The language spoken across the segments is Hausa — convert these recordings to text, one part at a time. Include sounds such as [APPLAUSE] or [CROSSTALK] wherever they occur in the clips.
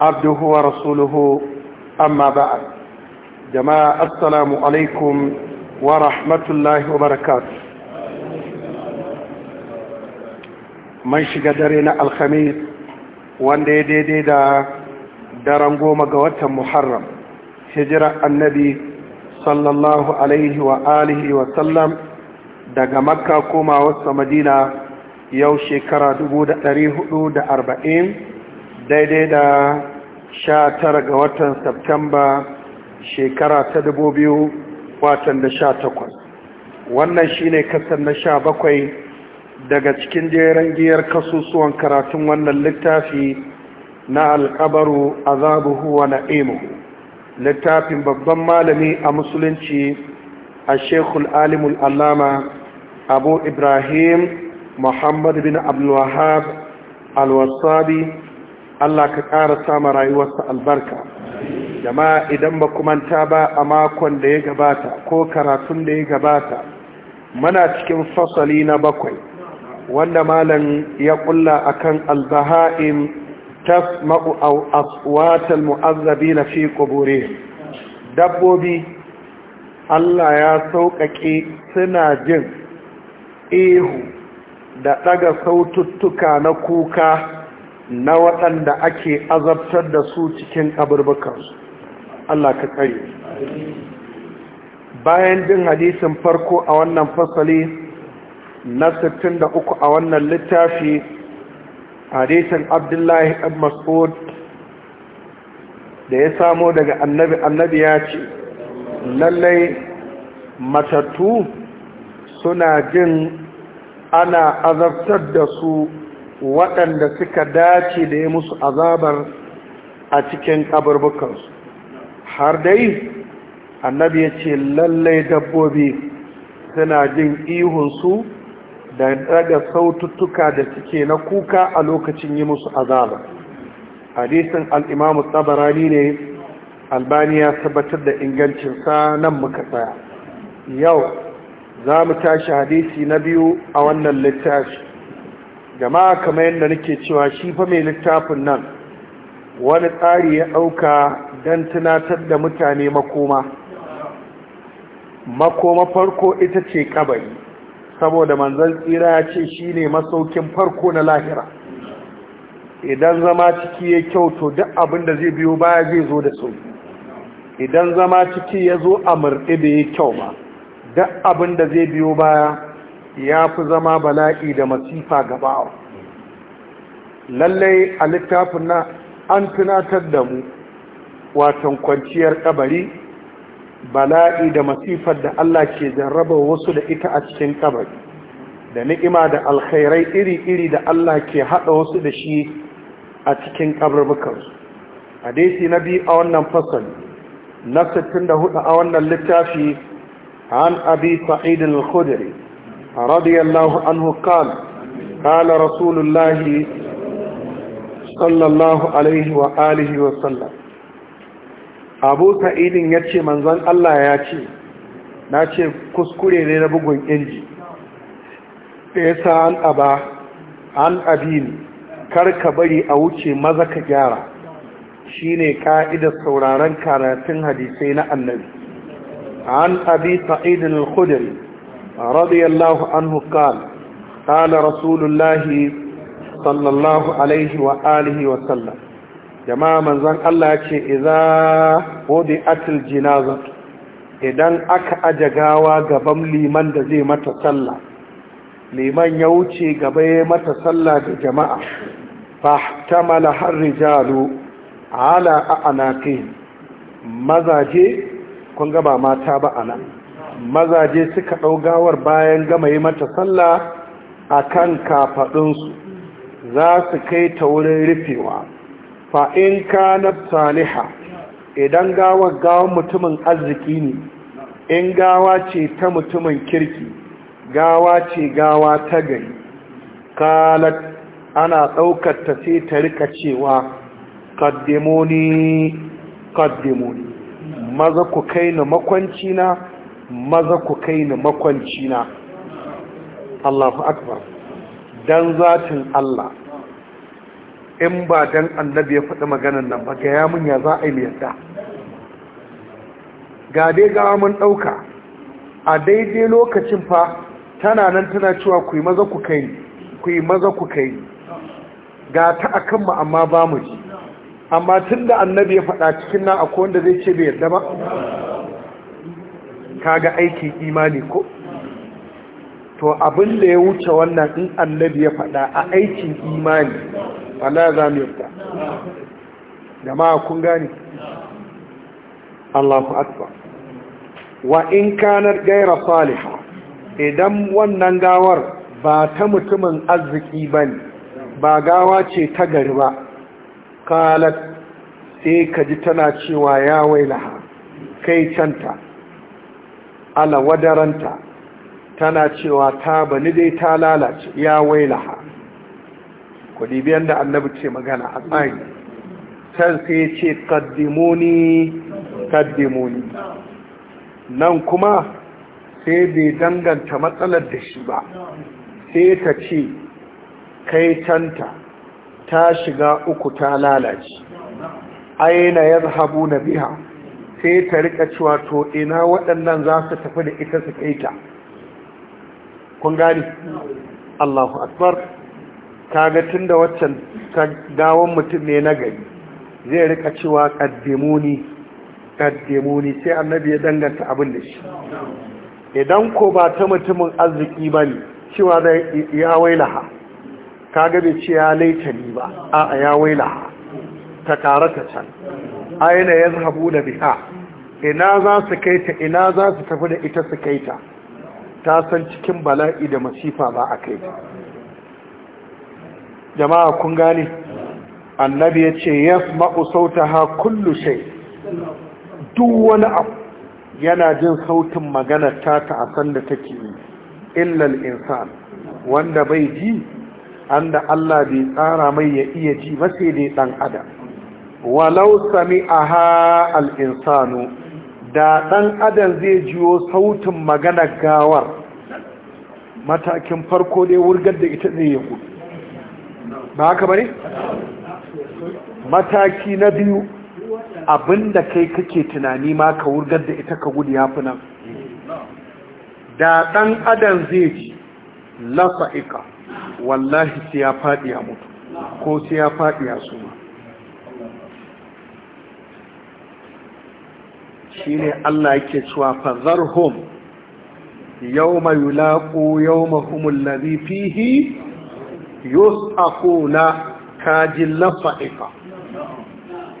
عبده ورسوله أما بعد جماعة السلام عليكم ورحمة الله وبركاته من شقدرنا الخميس وان دي دي دي دا درنقو مقوة محرم هجرة النبي صلى الله عليه وآله وسلم daga makka komawarsa madina yau shekara 440 daidai da sha tara ga watan Septemba shekara ta dubu biyu watan da sha takwas wannan shine kasar na sha bakwai daga cikin jeren giyar kasusuwan karatun wannan littafi na alkabaru azabuhu wa Na'imu. littafin babban malami a musulunci a shekul alimul allama abu ibrahim muhammad bin abdulwahab alwasabi Allah ka ƙara sama rayuwarsa albarka jama'a idan ba kumanta ba a makon da ya gabata ko karatun da ya gabata mana cikin fasali na bakwai wanda malam ya kulla akan albaha'in tasma'u aw aswatal na fi quburihim dabbobi Allah ya sauƙaƙe suna jin ihu da ɗaga saututtuka na kuka na waɗanda ake azabtar da su cikin kaburbukansu Allah ka ƙari bayan jin hadisin farko a wannan fasali na 63 a wannan littafi hadisin abdullahi ɗan mas'ud da ya samo daga annabi annabi ya ce lallai matattu suna jin ana azabtar da su waɗanda suka dace da ya musu azabar a cikin ƙabarbukansu har dai annabi ya ce lallai dabbobi suna jin ihunsu da daga saututtuka da suke na kuka a lokacin yi musu azabar. hadisin al'imamu tsabarani ne albani ya tabbatar da ingancinsa nan muka tsaya yau za mu tashi hadisi na biyu a wannan littafi jama'a kamar yadda nake cewa shi fa mai littafin nan wani tsari ya ɗauka don tunatar da mutane makoma makoma farko ita ce ƙabari, saboda manzan tsira ya ce shi ne masaukin farko na lahira idan zama ciki ya kyau duk abin da zai biyo baya zai zo da sauki idan zama ciki ya zo a murɗe da ya kyau ba duk abin da zai biyo baya ya fi zama bala'i da masifa gaba lallai a littafin na an tunatar da mu watan kwanciyar kabari bala'i da masifar da Allah ke jarraba wasu da ita a cikin kabari da ni'ima da alkhairai iri-iri da Allah ke haɗa wasu da shi a cikin kabarbukansu hadisi na biyu a wannan fasali na 64 a wannan littafi an abi sa'idin al-khudri رضي الله عنه قال قال رسول الله صلى الله عليه وآله abu sa'idin ya ce manzon Allah ya ce na ce kuskure ne na bugun inji da ya sa an aba bari a wuce maza ka gyara shine ka'idar sauraron karatun hadisai na annabi an abi sa'idin al رضي الله عنه قال قال رسول الله صلى الله عليه وآله وسلم جماعة من ذن الله إذا idan aka aje gawa gaban liman da zai mata sallah liman ya wuce gaba ya mata sallah da jama'a fahtamala har rijalu ala kai. mazaje kun ga ba mata ba anan mazaje suka ɗau gawar bayan gama yi mata sallah a kan kafaɗinsu za su kai ta wurin rufewa fa'in ka na saliha idan gawar gawar mutumin arziki ne in gawa ce ta mutumin kirki gawa ce gawa ta gari kalat ana ɗaukar ta sai ta rika cewa kaddemoni kaddemoni maza ku kai na makwanci na maza ku kai ni makwanci na Allahu akbar dan zatin Allah in ba dan annabi ya faɗi maganar nan ba ga ya mun ya za a yi yadda ga dai gawa mun ɗauka a daidai lokacin fa tana nan tana cewa ku yi maza ku kai ku yi maza ku kai ga ta akan mu amma ba mu ji amma tun da annabi ya faɗa cikin nan akwai wanda zai ce bai yarda ba kaga aikin imani ko to abin da ya wuce wannan in annabi ya faɗa a aikin imani Allah za mu yadda ma kun gane Allahu akbar wa in kanar gaira saliha idan wannan gawar ba ta mutumin arziki bane ba gawa ce ta gari ba kalat sai ka ji tana cewa ya wailaha kai canta ala wadaranta tana cewa ta bani dai ta lalace ya wailaha ku biyan da annabi ce magana a tsari can sai ce kaddimoni kaddimoni nan kuma sai bai danganta matsalar da shi ba sai ta ce kai canta ta shiga uku ta lalace aina ya zahabu na biha sai ta rika cewa to ina waɗannan za su tafi da ita su kai ta kun gani Allahu akbar kaga tunda waccan ta dawon mutum ne na gari zai rika cewa ƙaddemuni kaddimuni sai annabi ya danganta abin da shi idan ko ba ta mutumin arziki ba ne cewa zai ya ka kaga bai ce ya laita ni ba a ya wailaha ta karata can aina ya zahabu da biha ina za su kai ta ina za su tafi da ita su kai ta ta san cikin bala'i da masifa ba a kai ta jama'a kun gane annabi ya ce ya sauta ha kullu shai duk wani abu yana jin sautin magana ta ta a san da take yi illal insan wanda bai ji an da Allah bai tsara mai ya iya ji ba sai dai dan adam walau sami a al-insanu da ɗan adam zai jiwo sautin magana gawar matakin farko dai wurgar da ita zai yi ba haka bane mataki na biyu abinda kai kake tunani ma ka wurgar da ita ka gudu ya fi nan da ɗan adam zai ji lafa'ika wallahi sai ya faɗi a mutu ko sai ya faɗi a suna Shi ne Allah yake cewa fazarhum yau yulaqu yawmahum alladhi fihi yus'aquna kajil lafa'ifa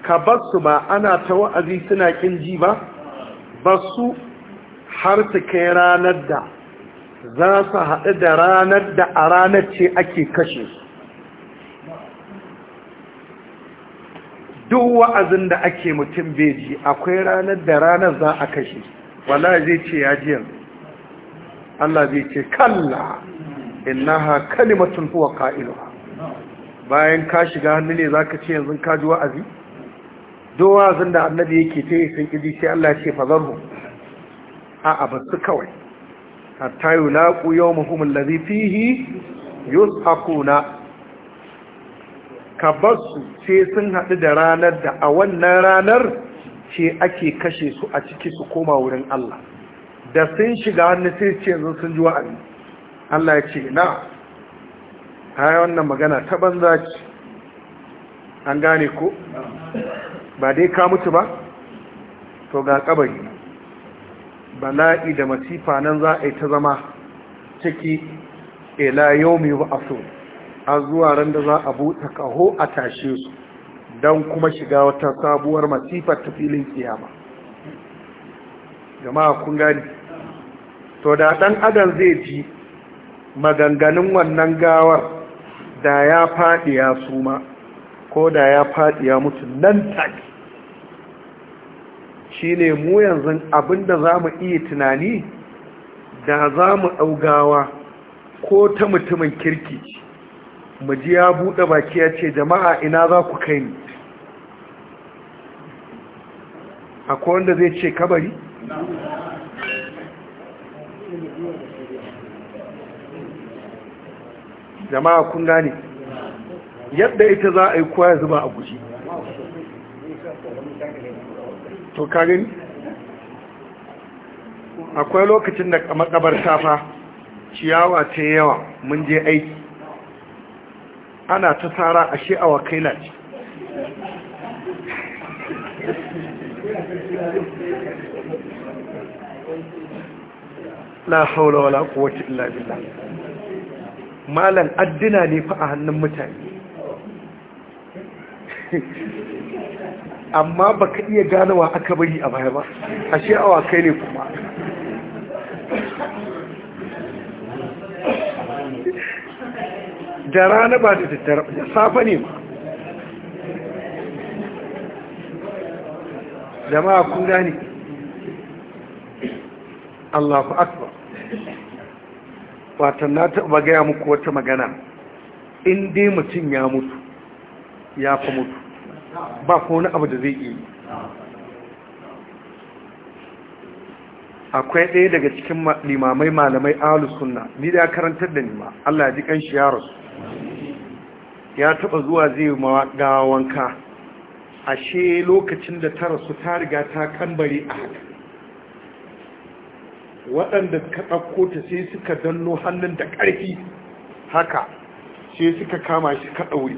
ka basu ba ana ta wa'azi suna ƙinji ji ba basu har su kai ranar da za su haɗu da ranar da a ranar ce ake kashe su duk wa'azin da ake mutum beji akwai ranar da ranar za a kashe wala zai ce ya jiyar Allah zai ce kalla Inna ha kalimatun huwa qa'iluha bayan ka shiga hannu ne zaka ce yanzu ka ji wa'azi Duk wa'azin da annabi yake ta yi sun ƙiji sai Allah ce fazar fazarhu a abinsu kawai hatta yulaqu yawmahum alladhi fihi yus'aquna ka basu sai sun haɗu da ranar da a wannan ranar ce ake kashe su a ciki su koma wurin Allah da sun shiga wannan sai ce yanzu sun ji wa'azi Allah ya ce na haya wannan magana ta banza ce an gane ko ba dai ka mutu ba to ga kabari bala'i da masifa nan za a yi ta zama ciki ila yau mai wa'aso a zuwa ran da za a buɗe ƙaho a tashe su don kuma shiga wata sabuwar masifar ta filin kiyama jama'a kun gani to da ɗan adam zai ji maganganun wannan gawar da ya faɗi ya suma ko da ya faɗi ya mutu nan take shi ne mu yanzu abinda za mu iya tunani da za mu ɗaugawa ko ta mutumin kirki maji ya buɗe baki ya ce jama'a ina za ku kai ni akwai wanda zai ce kabari jama'a kun gane yadda ita za a yi kwaya ya zuba a guji to karin akwai lokacin da kabar safa ciyawa ce yawa mun je aiki ana ta tsara a she'awa na ce la haula wala quwwata illa billa malan addina ne fa a hannun mutane amma baka iya ganawa aka bari a baya ba ashe awa kai ne kuma da rana ba da tattara da safe ne ma jama'a kun gane Allahu akbar watan na taɓa gaya muku wata magana in dai mutum ya mutu ya fa mutu ba ko abu da zai iya akwai ɗaya daga cikin limamai malamai alusunna kunna, ni da karantar da nima Allah ya ji kan shi ya rasu ya taba zuwa zai ma wanka ashe lokacin da ta rasu ta riga ta kambare a haka waɗanda ka ɗauko ta sai suka danno hannun da ƙarfi haka sai suka kama shi ka ɗaure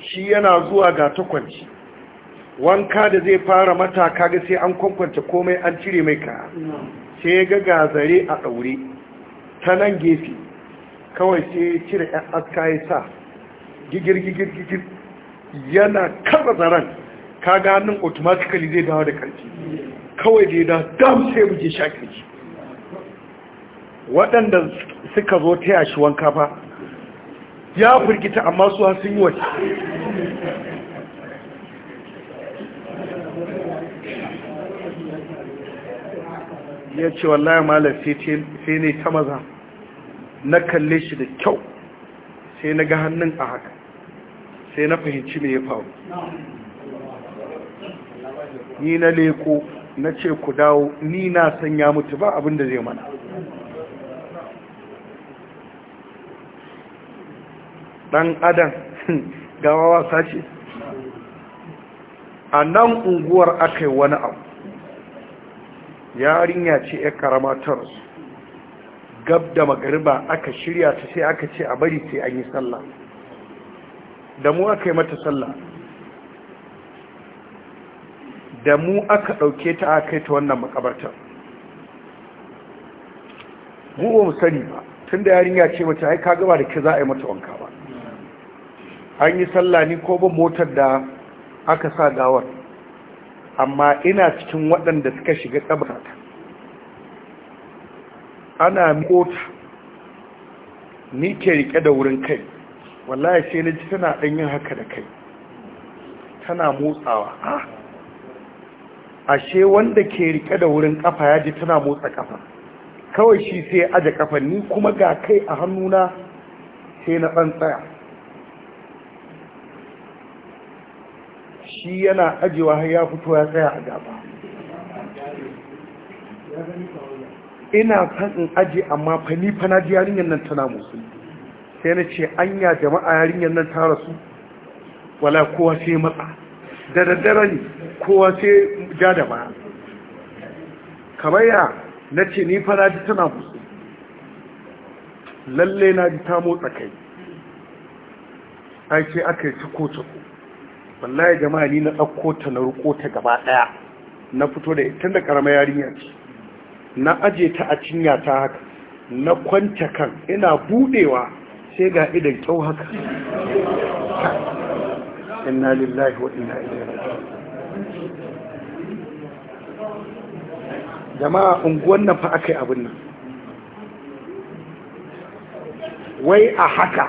shi yana zuwa ga takwanci wanka da zai fara mata kaga sai an kwankwanta komai an cire mai ka sai ya ga gazare a ɗaure ta nan gefe kawai sai cire 'yan aska ya sa gigir gigir gigir yana kasa zaren ka ganin automatically zai dawo da karfi kawai da ya da dam sai buge shi waɗanda suka zo ta yashi wanka ba ya firgita amma su sun yi wace ya ce wallahi malar sai ne ta maza na kalle shi da kyau sai na ga hannun a haka sai na fahimci me ya faru ni na leko na ce ku dawo ni na san mutu ba abin da zai mana dan adam [LAUGHS] gawa wasa ce a nan unguwar aka yi wani abu yarinya ce ya karamatar gab da magariba aka shirya ta sai aka ce a bari sai an yi sallah da mu aka yi mata sallah da mu aka ɗauke ta aka yi ta wannan makabartar mu ba mu sani ba tun da yarinya ce mata ai ka gaba da ke za a yi mata wanka ba an yi sallah ni ko ban motar da aka sa gawar amma ina cikin waɗanda suka shiga tsabarata ana mota ni ke rike da wurin kai wallahi sai na ji tana ɗan yin haka da kai tana motsawa ah! ashe wanda ke rike da wurin kafa ya ji tana motsa kafa kawai shi sai aje kafa ni kuma ga kai a hannuna sai na ɗan tsaya shi yana ajewa har ya fito ya tsaya a gaba ina san in aje amma fa ni fa na ji yarinyar nan tana musulmi sai na ce anya jama'a yarinyar nan ta rasu wala kowa sai matsa da daddare ne kowa sai ja da baya kamar ya na ce ni fara ji tana musu lalle na ji ta motsa kai ai aka yi ciko-ciko wallahi jama'a ni na tsakko ta na riko ta gaba ɗaya na fito da ita da ƙaramar yarinyar. ce na aje ta a cinya ta haka na kwanta kan ina budewa sai ga idan kyau haka inna lillahi wa inna ilaihi jama'a unguwan nan fa akai abin nan wai a haka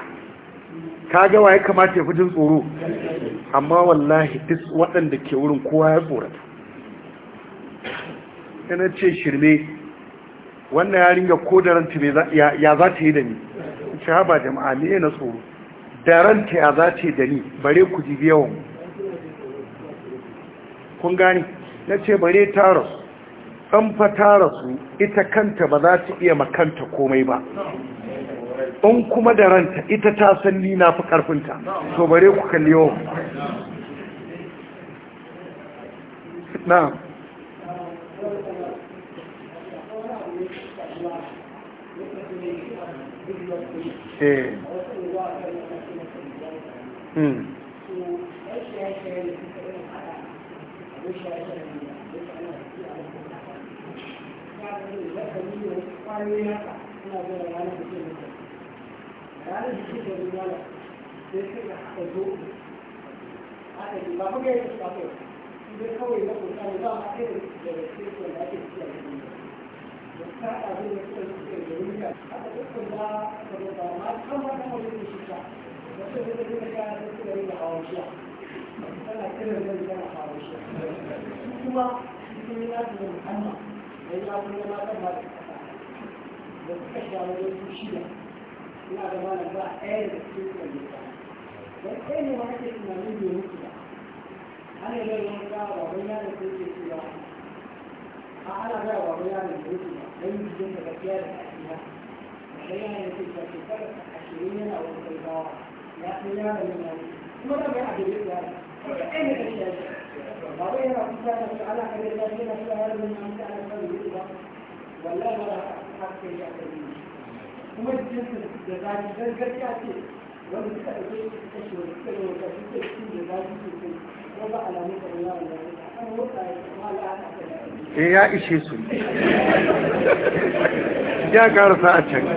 kaga waye kamata ya fi jin tsoro amma wallahi duk waɗanda ke wurin kowa ya tsorata yana ce shirme wannan ko da kodaran ya za ta yi da ni shahaba jama'a ne na tsoro da ranta ya za da ni bare ku ji yawan kun gani na ce bare ta rasu an fa ta rasu ita kanta ba za ta iya makanta komai ba in kuma da ranta ita ta san ni na fi karfinta to bare ku kalli yawan na eh ba kawai da da kuma cikin yaki da musamman da ya ba da kasa da suka wani su da ta ke tunanin bai mutu ba ana wani gawa da yake cewa لن يجب غسيان الأسلحة وشيئا يجب تكفر عشرين أو بيضاء لا خلال من ذلك مرة بعد الإسلام أين الأشياء؟ وبين أقسام على خير الذين شهدوا من أمس على الفضل والله ولا حق يعتدين kuma jinsin da zafi don gaskiya ce wanda suka ɗauke kashi wani suka yi wata suke cikin da zafi sosai ko ba alamun da wani yawon da ya ta kan wata ya kuma ala'ata da ya e ya ishe su ya karasa a can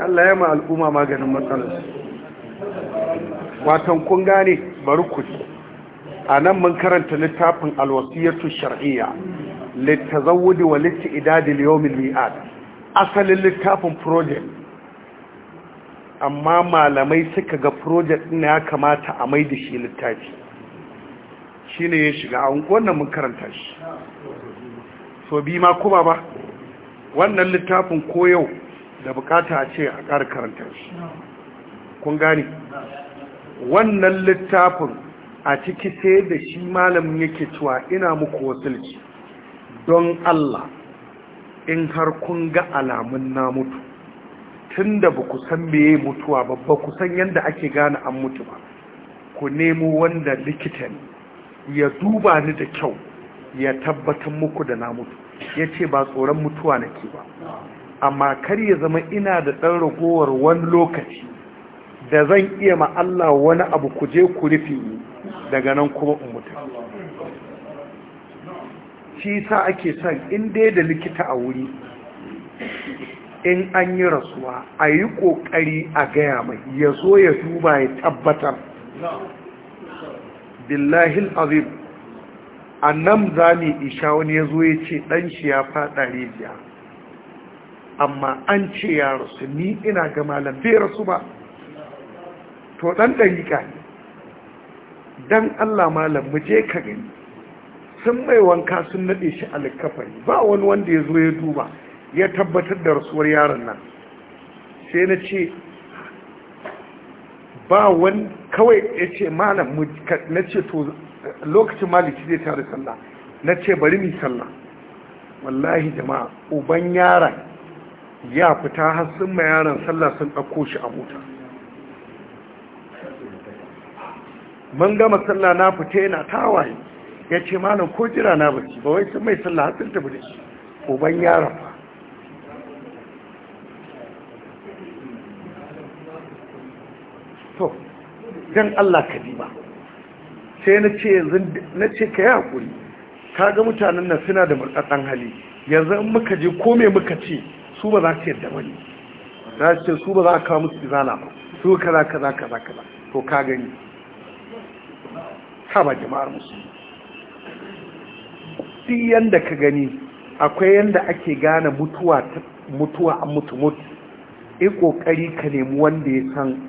Allah ya ma al'umma maganin matsalar watan kun gane bari ku a nan mun karanta littafin alwasiyatu shar'iyya litazawudi wa littidadil yawmil mi'ad asalin littafin project amma malamai suka ga project ɗin ya kamata a mai da shi littafi shi ne ya shiga an wannan mun karanta shi so bi ma kuma ba wannan littafin ko yau da bukata a ce a ƙara karanta shi kun gane wannan littafin a ciki sai da shi malamin yake cewa ina muku wasulci don Allah in har kun ga alamun na mutu tun da ba ku san meye mutuwa ba ba ku san yadda ake gane an mutu ba ku nemo wanda likita ya duba ni da kyau ya tabbatar muku da na mutu ya ce ba tsoron mutuwa nake ba amma kar ya zama ina da ɗan ragowar wani lokaci da zan iya ma Allah wani abu ku je ku rufe ni daga nan kuma in mutu shi sa ake son in dai da likita a wuri in an yi rasuwa a yi ƙoƙari a gaya mai ya zo ya duba ya tabbatar billahi azim a nan za mu isha wani ya zo ya ce ɗan shi ya faɗa rijiya amma an ce ya rasu ni ina ga malam bai rasu ba to ɗan ɗariƙa ne don allah malam mu je ka gani sun mai wanka sun naɗe shi alkafari ba wani wanda ya zo ya duba ya tabbatar da rasuwar yaron nan sai na ce ba wani kawai ya ce malam na ce to lokacin maliki zai tare sallah na ce bari mi sallah wallahi jama'a uban yaron ya fita har sun ma yaron sallah sun ɗauko shi a mota mun gama sallah na fita yana tawaye ya ce malam ko jira na baci ba wai sun mai sallah har sun tafi da shi uban yaron dan Allah ka ji ba sai na ce yanzu na ce ka yi hakuri ga mutanen na suna da murɗaɗɗen hali yanzu in muka je ko me muka ce su ba za su yarda ba ne za su ce su ba za a kawo musu zana ba su ka ka za ka kaza ka kaza to ka gani ha ba jama'ar musu duk yanda ka gani akwai yanda ake gane mutuwa mutuwa an mutu mutu ƙoƙari ka nemi wanda ya san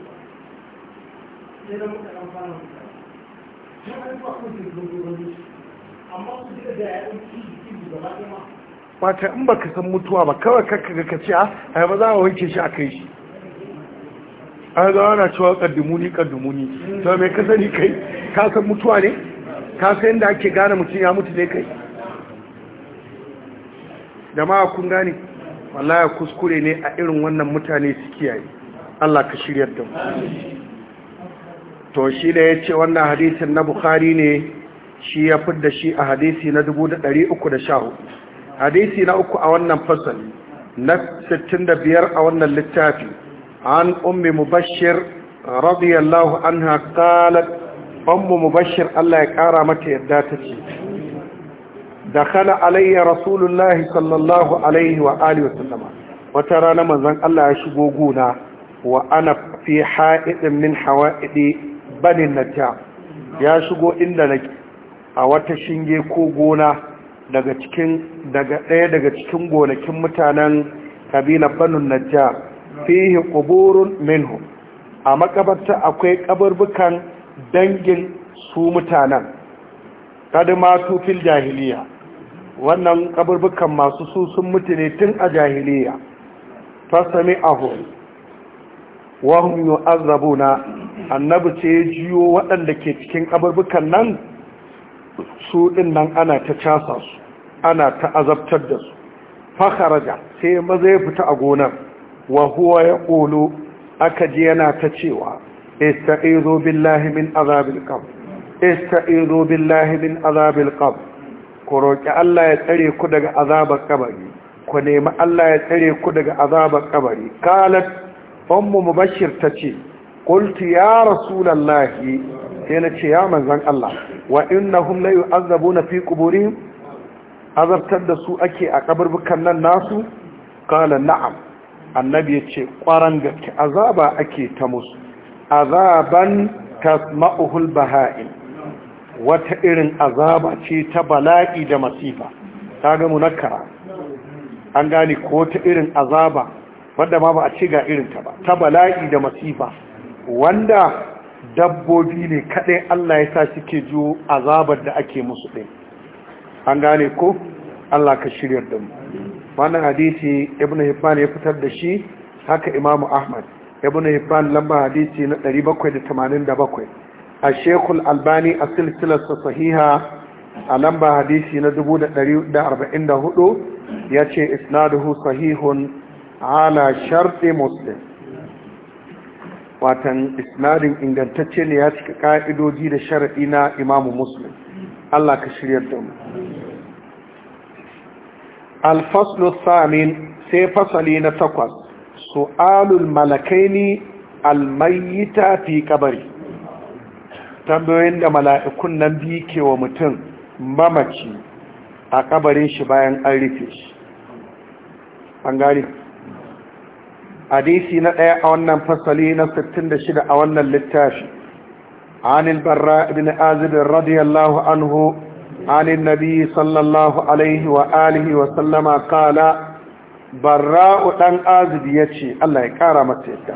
sai muka ɗan da, shi an zuwa kun ke amma su ji da ya ɗauki jiki gaba ɗaya wata in baka san mutuwa ba kawai kakka ga kaci a ah, ai ba za a wanke shi a kai shi an ga ana cewa kaddumuni kaddumuni to me ka sani kai ka san mutuwa ne ka san yadda ake gane mutum ya mutu ne kai jama'a kun gane wallahi kuskure ne a irin wannan mutane su kiyaye Allah ka shiryar da mu to shi da ya ce wannan hadisin na bukhari ne shi ya da shi a hadisi na 314 hadisi na uku a wannan fasal na 65 a wannan littafi an ummi mubashir radiyallahu anha qalat ummu mubashir Allah ya kara mata yadda ta ce dakhala alayya rasulullahi sallallahu alaihi wa alihi sallama wata rana manzon Allah ya shigo gona wa ana fi ha'idin min hawa'idi banin najjar ya shigo inda na a wata shinge ko gona daga cikin daga ɗaya daga cikin gonakin mutanen kabilar banin najjar fihi quburun minhu a makabarta akwai kaburbukan dangin su mutanen kadmatu fil jahiliya wannan kaburbukan masu su sun mutu ne tun a jahiliya fasami ahu wahum yu'azzabuna annabi ce ya jiyo waɗanda ke cikin ƙabarbukan nan su ɗin nan ana ta casa su ana ta azabtar da su fakaraja sai maza ya fita a gonar Wahuwa ya ƙolo aka ji yana ta cewa ista'izo billahi min azabil ƙab ista'izo billahi min azabil ƙab ku roƙi Allah ya tsare ku daga azabar ƙabari. ku nemi Allah ya tsare ku daga azabar ƙabari. kabari mu ummu mubashir ce. qultu ya rasulullahi sai na ce ya manzon Allah wa innahum azabu yu'azzabuna fi quburihim azabtar da su ake a kaburbukan nan nasu qala na'am annabi yace kwaran ke azaba ake ta musu azaban tasma'uhu al-baha'im wata irin azaba ce ta bala'i da masifa ta ga munakkara an gane ko ta irin azaba wadda ma ba a ce ga irinta ba ta bala'i da masifa wanda dabbobi ne kaɗai Allah ya sa suke ji azabar da ake musu ɗin an gane ko Allah ka shiryar da mu wannan hadisi ibn hibban ya fitar da shi haka imamu ahmad ibn hibban lamba hadisi na 787 a shekul albani a silsilarsa sahiha a lamba hadisi na 1444 ya ce isnaduhu sahihun ala sharɗi muslim watan isnadin ingantacce ne ya cika ka'idoji da sharaɗi na imamu muslim Allah ka shiryar da mu alfaslu samin sai fasali na takwas su'alul malakaini almayita fi kabari tambayoyin da mala'ikun nan biyu ke wa mutum mamaci a kabarin shi bayan an rufe shi an gari hadisi na ɗaya a wannan fasali na 66 a wannan littafi عن البراء بن anhu, رضي الله عنه عن النبي صلى الله عليه وآله وسلم قال براء دان عازب يتي الله يكرم سيدا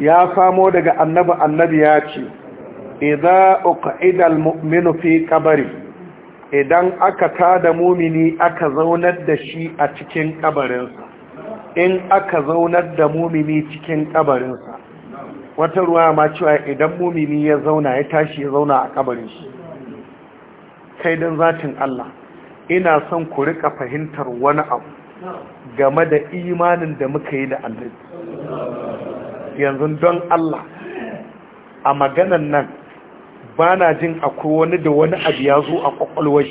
يا samo daga annabi annabi yace idza uqida al mu'minu fi kabari. idan aka tada mumini aka zaunar da shi a cikin kabarinsa in aka zaunar da mumini cikin kabarinsa wata ruwa ma cewa idan mumini ya zauna ya tashi ya zauna a kabarin shi kai don zatin Allah ina son ku rika fahimtar wani abu game da imanin da muka yi da annabi yanzu don Allah a maganan nan ba na jin akwai wani da wani abu ya zo a kwakwalwar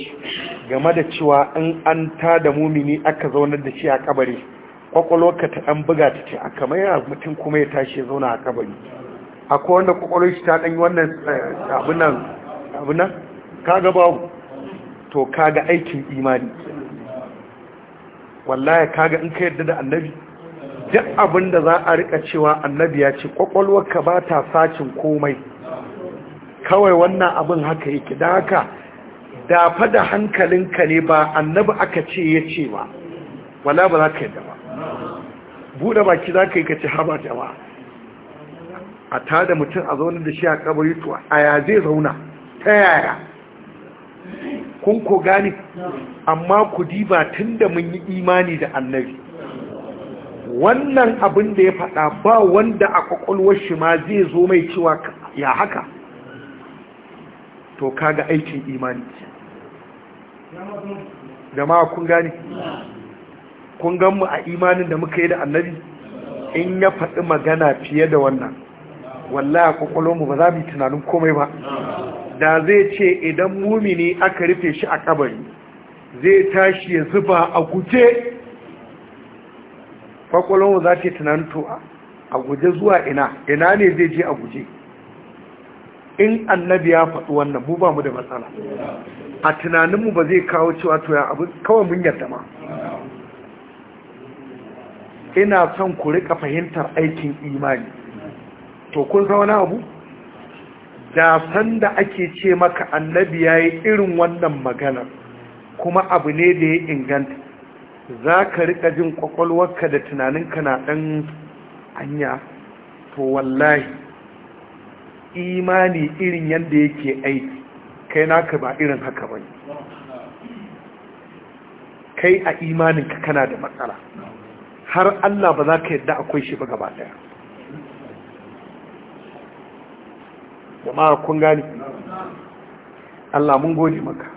game da cewa in an ta da mumini aka zaunar da shi a kabari kwakwalwarka ta ɗan buga ta ce aka yana mutum kuma ya tashi ya zauna a kabari akwai wanda kwakwalwar shi ta ɗan yi wannan eh, abinan kaga babu to kaga aikin imani wallahi kaga in ka yarda da annabi duk abin da za a rika cewa annabi ya ce kwakwalwarka ba ta sacin komai kawai wannan abin haka yake don haka dafa da hankalinka ne ba annabi aka ce ya ce ba wala ba za ka yi da ba buɗe baki za ka yi ka ce haba ba. a ta da mutum a zaunar da shi a ƙabar to a ya zai zauna ta yaya kun ko gani amma ku diba tun da mun yi imani da annabi wannan abin da ya faɗa ba wanda a kwakwalwar shi ma zai zo mai cewa ya haka to kaga aikin imani jama'a kun gane kun gan a imanin da muka yi da annabi in ya faɗi magana fiye da wannan wallaya kwakwalonmu ba za mu yi tunanin komai ba da zai ce idan mumini aka rufe shi a kabari zai tashi ya zuba a guje kwakwalonmu za ta yi tunanin to a guje zuwa ina ina ne zai je a guje in annabi ya faɗi wannan mu ba mu da matsala a tunaninmu ba zai kawo cewa to ya abu kawai mun yarda ma ina son ku rika fahimtar aikin imani to kun san wani abu da san da ake ce maka annabi ya yi irin wannan magana kuma abu ne da ya inganta za ka rika jin kwakwalwarka da tunaninka na ɗan hanya? to wallahi imani irin yadda yake aiki kai naka ba irin haka bai kai a imaninka kana da matsala har Allah ba za ka yadda akwai shi ba gaba daya jama'a kun gani Allah mun gode maka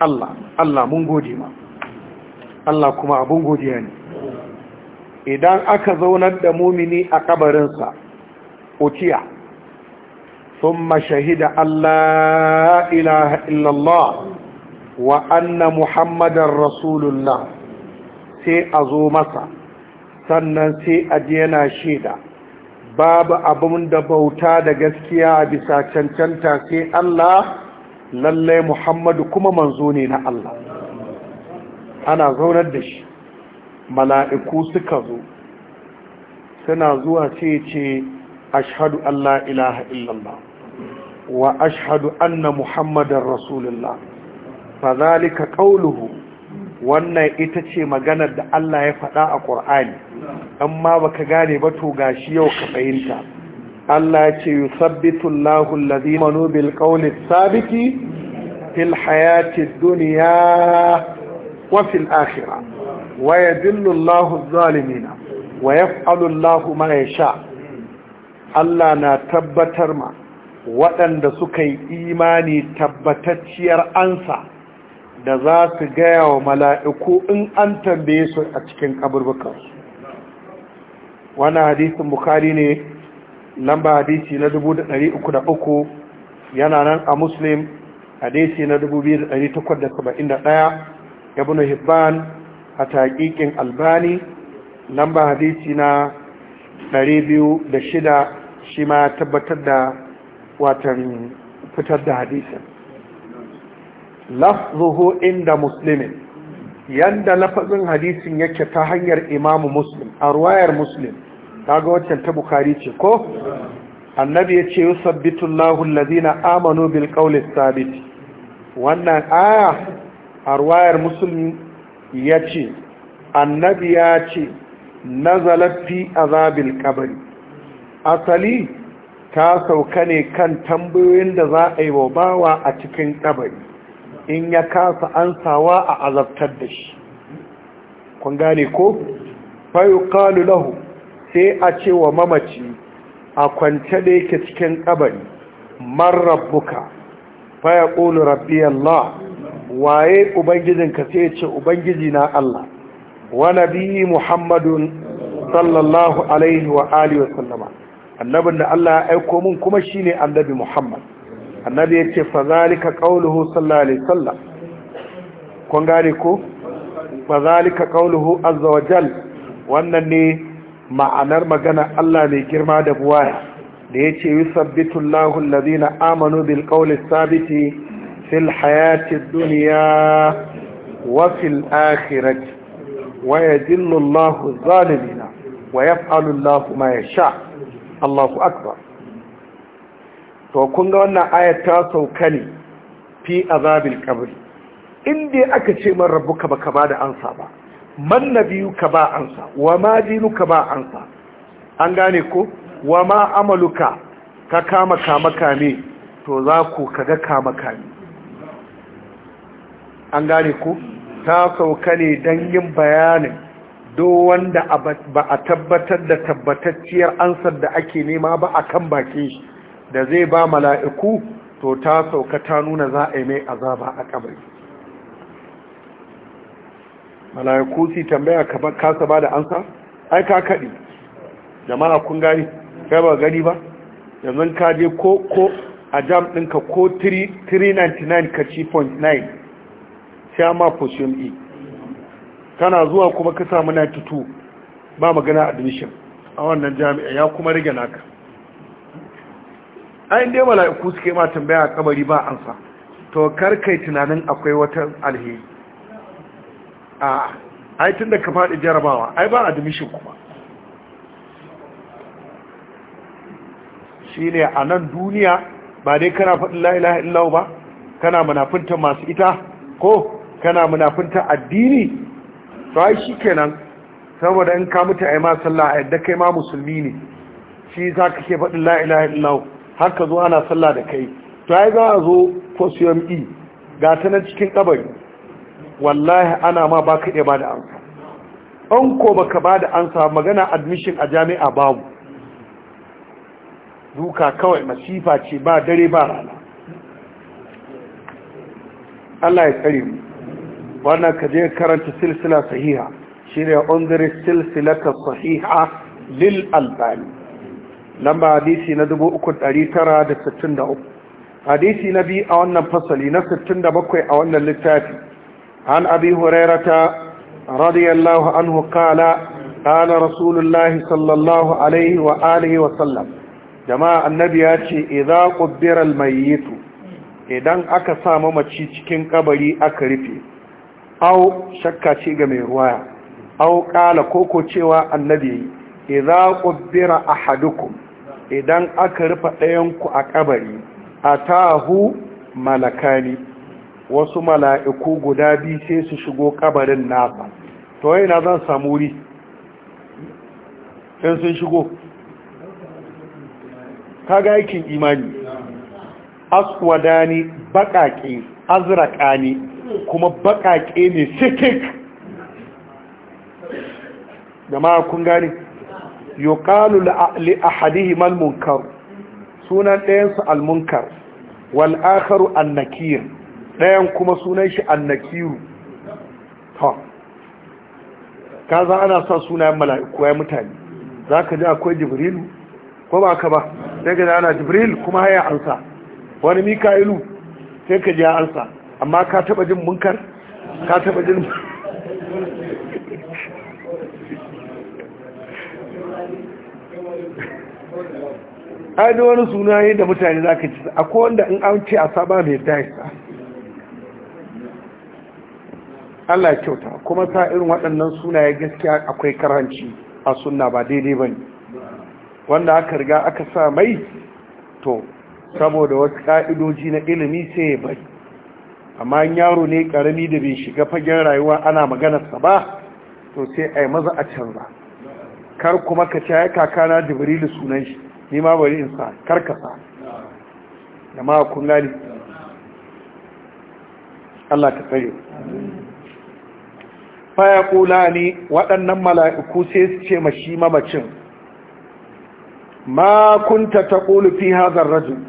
Allah Allah mun gode ma Allah kuma abun godiya ne idan aka zaunar da mumini a kabarinsa uciya ثم شهد أن لا إله إلا الله وأن محمد رسول الله سي sannan sai a yana shaida babu abin da bauta da gaskiya a bisa cancanta sai Allah lallai Muhammadu kuma manzo ne na Allah ana zaunar da shi mala'iku suka zo suna zuwa ce ce ashadu Allah ilaha illallah وأشهد أن محمد رسول الله فذلك قوله wannan ita ce maganar da Allah ya faɗa a ƙur'ani amma baka gane ba to gashi yau ka fahimta Allah ya ce yusabbitu Allahu allazina amanu bil qawli sabiti fil hayati dunya wa fil akhirah wa yadillu Allahu adh-dhalimina wa yaf'alu Allahu ma yasha Allah na tabbatar ma waɗanda suka yi imani tabbatacciyar ansa da za su gaya wa mala'iku in an tambaye su a cikin su. wani hadisin Bukhari ne lamba hadisi na uku yana nan a muslim hadisi na 2,871 ibn hibban a taƙiƙin albani lamba hadisi na 206 shi ma tabbatar da watan fitar da hadisin lafzuhu inda muslimin yanda lafazin hadisin yake ta hanyar imamu muslim a ruwayar muslim ga waccan ta bukari ce ko annabi ya ce yusabbitu Allahu lazina amanu bil kaulis sabit wannan aya a ruwayar muslim ya ce annabi ya ce zalafi a azabil kabari asali ka sauka ne kan tambayoyin da za a yi wa bawa a cikin ƙabari, in ya kasa ansawa a azabtar da shi kun gane ko fayu kalu lahu sai a ce wa mamaci a kwance da yake cikin ƙabari man rabbuka faya ƙolu rabbi Allah waye ubangijinka sai ya ce ubangiji na Allah wa nabi muhammadun sallallahu alaihi wa alihi wa annabin da Allah ya aiko mun kuma shine annabi Muhammad annabi yace fa zalika qawluhu sallallahu alaihi wasallam kun gane ko fa zalika qawluhu azza wa jal wannan ne ma'anar magana Allah mai girma da buwaya da yace yusabbitu Allahu amanu bil qawli thabiti fil hayati dunya wa fil akhirati wa Allahu wa yaf'alu Allahu ma yasha' Allahu akbar to kun ga wannan ayat ta sauka ne fi azabil kabri Inde aka ce man rabu ka ba da ansa ba man na biyu ka ba ansa wa ma ka ba ansa an gane ko wa ma amaluka ka kama kama kame to za ku kaga kama kame an gane ko ta sauka ne don yin bayanin do wanda ba a tabbatar da tabbatacciyar ansar da ake nema ba a kan baki da zai ba mala'iku to ta sauka ta nuna za a yi mai azaba a kabari mala'iku si tambaya kasa ba da ansa ai ka kaɗi jama'a kun gani kai ba gani ba yanzu ka je ko ko a jam ɗinka ko 399 ka ci point ma fushin e kana zuwa kuma ka samu 92 ba magana admission a wannan jami'a ya kuma rage naka ayin dai mala'iku suke ma tambaya a kabari ba ansa to karkai tunanin akwai wata alheri a ai da ka faɗi jarabawa ai ba admission kuma shi ne a nan duniya ba dai kana faɗin la'ilaha illahu ba kana munafinta masu ita ko kana munafinta addini to ai shi kenan saboda in ka mutu ai ma sallah a yadda kai ma musulmi ne shi za ke faɗin la ilaha illallah har ka zo ana sallah da kai to ai za a zo e ga ta nan cikin kabari wallahi ana ma baka ka iya ba da ansa an ko ba ka ba da ansa magana admission a jami'a babu duka kawai masifa ce ba dare ba rana Allah ya tsare mu wannan ka je karanta silsila sahiha shi ne undiri silsilata sahiha lil albani lamba hadisi na 3,963 hadisi na biyu a wannan fasali na 67 a wannan littafi an abi hurairata radiyallahu anhu kala kana rasulullahi sallallahu alaihi wa alihi wa sallam jama'a annabi ya ce idza qubbira mai mayyit idan aka sa mamaci cikin ƙabari aka rufe au shakka ce ga mai ruwaya au kala koko cewa annabi idza qubbira ahadukum idan aka rufa ɗayanku a kabari atahu malakani wasu mala'iku guda biyu sai su shigo kabarin nasa to yana zan samu wuri in sun shigo kaga aikin imani aswadani baƙaƙe azraƙani kuma baƙaƙe ne sikik ma kun gane yuqalu li ahadihi mal munkar sunan su al-munkar wal akharu an-nakir ɗayan kuma sunan shi an-nakiru to kaza ana sa sunayen mala'iku ya mutane zaka ji akwai jibrilu ko ba ka ba sai ka ji ana jibril kuma haya ansa wani mika'ilu sai ka ji ansa amma ka taba jin munkar ka taba jin ai da wani suna ne da mutane za ka ci akwai wanda in an ce a saba mai dai Allah ya kyauta kuma sa irin waɗannan sunaye gaskiya akwai karanci a suna ba daidai ba ne wanda aka riga aka sa mai to saboda wasu ƙa'idoji na ilimi sai ya bai amma yaro ne karami da bai shiga fagen rayuwa ana maganarsa ba to sai a yi maza a canza kar kuma ka ce ya kakana jibrilu sunan shi ni ma bari in sa kar ka sa jama'a kun gani Allah ka tsare ya kula ne waɗannan mala'iku sai su ce ma shi mamacin ma kunta ta kulu fi hazar rajul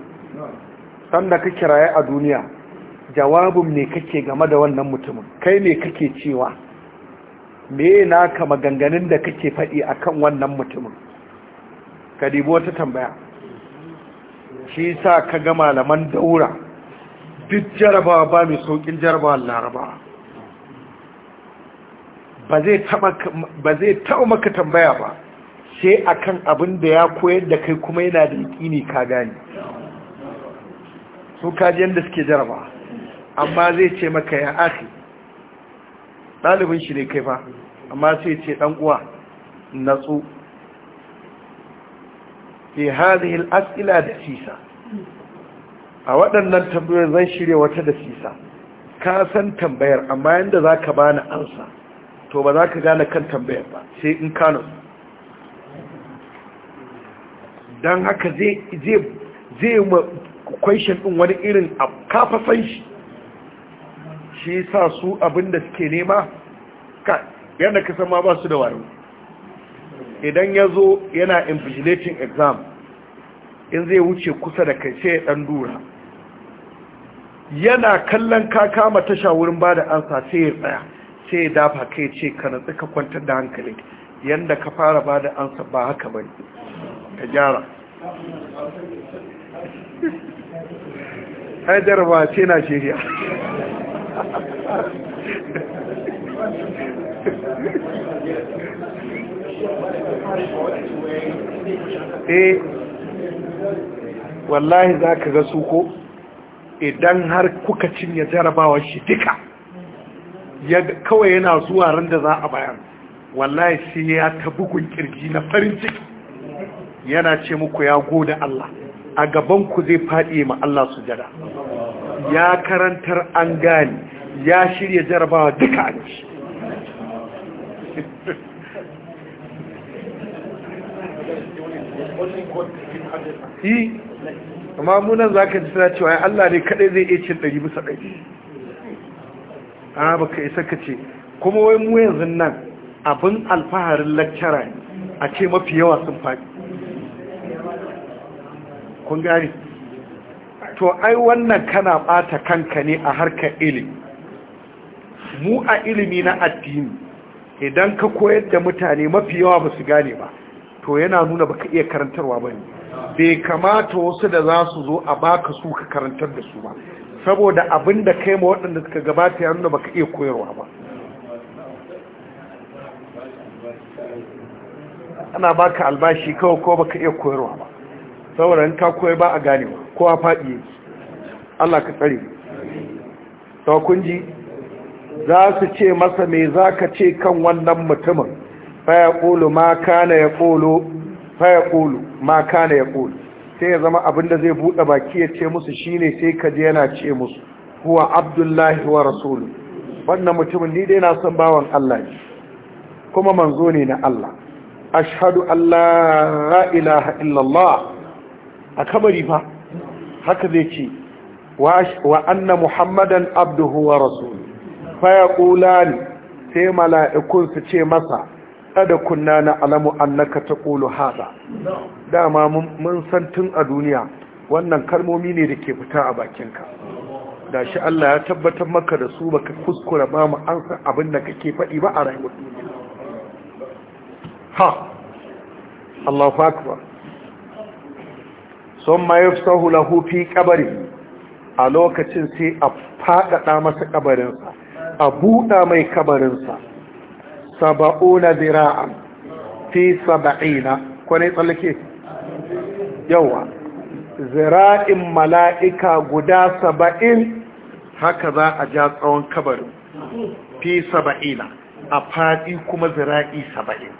sanda ka kiraye a duniya jawabin me kake game da wannan mutumin kai ne kake cewa me naka maganganun da kake faɗi akan wannan mutumin ka dibi wata tambaya shi sa ka ga malaman daura duk jarabawa ba mai saukin jarabawa laraba ba zai taɓa maka tambaya ba sai akan abin da ya koyar da kai kuma yana da ƙini ka gani su kajiyar yadda suke jarabawa amma zai ce maka ya aki ɗalibin shi ne kai fa amma sai ce ɗan uwa natsu fi hadhihi al-as'ila da sisa a waɗannan tambayar zan shirya wata da sisa ka san tambayar amma yadda za ka bani ansa to ba za ka gane kan tambayar ba sai in kano don haka zai yi ma question wani irin a kafasan shi shi sa su abin da suke nema ka yadda ka ma ba su da warin idan ya zo yana invigilating exam in zai wuce kusa da kai sai ya dan dura yana kallon ka kama tasha wurin bada ansa sai ya tsaya sai ya dafa kai ce ka natsi ka kwantar da hankali yadda ka fara bada ansa ba haka ba ka gyara ai jarabawa ce najeriya e wallahi za ka ga su ko idan har kuka cinye jarabawar shi duka kawai yana zuwa ran da za a bayan wallahi sai ya ta bugun kirji na farin ciki yana ce muku ya gode Allah a gabanku zai faɗi ma Allah su sujada ya karantar an gani ya shirya jarabawa duka a ci yi [LAUGHS] eh, amma munan za ka cewa ya Allah ne kaɗai zai iya cin ɗari bisa ɗari a ka isa ka ce kuma wai mu yanzu nan abin alfaharin lakcara a ce mafi yawa sun faɗi kun gari to ai wannan kana bata kanka ne a harkar ilimi mu a ilimi na addini idan ka koyar da mutane mafi yawa ba su gane ba to yana nuna baka iya karantarwa ba ne bai kamata wasu da za su zo a baka su ka karantar da su ba saboda abin da kai ma waɗanda suka gabata ya nuna baka iya koyarwa ba ana baka albashi kawai ko baka iya koyarwa ba saboda in ka koyar ba a ganewa kowa faɗi yake Allah ka tsare saukun ji za su ce masa me za ka ce kan wannan mutumin faya ƙolo ma kana ya ƙolo faya ƙolo ma kana ya ƙolo sai ya zama abinda zai buɗe baki ya ce musu shi ne sai ka je yana ce musu Kuwa abdullahi wa rasulu wannan mutumin ni dai na san bawan Allah ne kuma manzo ne na Allah Ashadu Allah la ilaha illallah a kamari ba. haka zai ce wa anna muhammadan abduhu wa rasulu faya ƙulani sai mala'ikun su ce masa ɗada kunna na alamu annaka ta ƙulu haɗa dama mun san tun a duniya wannan kalmomi ne da ke fita a bakinka da shi Allah ya tabbatar maka da su baka kuskura ba mu an san abin da kake faɗi ba a rayuwar duniya ha Allahu akbar sun mayar sahula hufi kabari a lokacin sai a faɗaɗa masa kabarinsa a buɗa mai kabarinsa saba'una zira'an fi saba'ina kwanai tsallake yawa zira'in mala'ika guda saba'in haka za a ja tsawon kabarin fi saba'ina a faɗi kuma zira'i saba'in